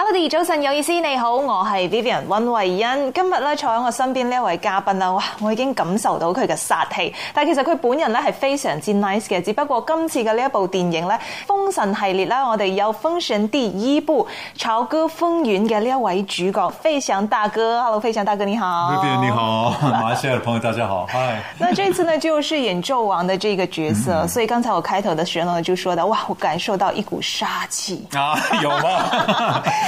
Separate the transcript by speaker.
Speaker 1: h e hello D, 早晨，有意思你好，我係 Vivian 温慧欣。今日咧坐喺我身邊呢一位嘉賓啊，哇！我已經感受到佢嘅殺氣，但係其實佢本人咧係非常之 nice 嘅。只不過今次嘅呢一部電影咧，《封神》系列呢，我哋有《封神》第一部《朝歌風雲》嘅呢一位主角，費翔大哥。Hello，費翔大哥你好。Vivian
Speaker 2: 你好， 馬來西亞嘅朋友大家好。嗨。 那
Speaker 1: 這次呢，就是演紂王的這個角色， 所以剛才我開頭的時候我就說到，哇，我感受到一股殺氣
Speaker 2: 啊，有嗎、啊？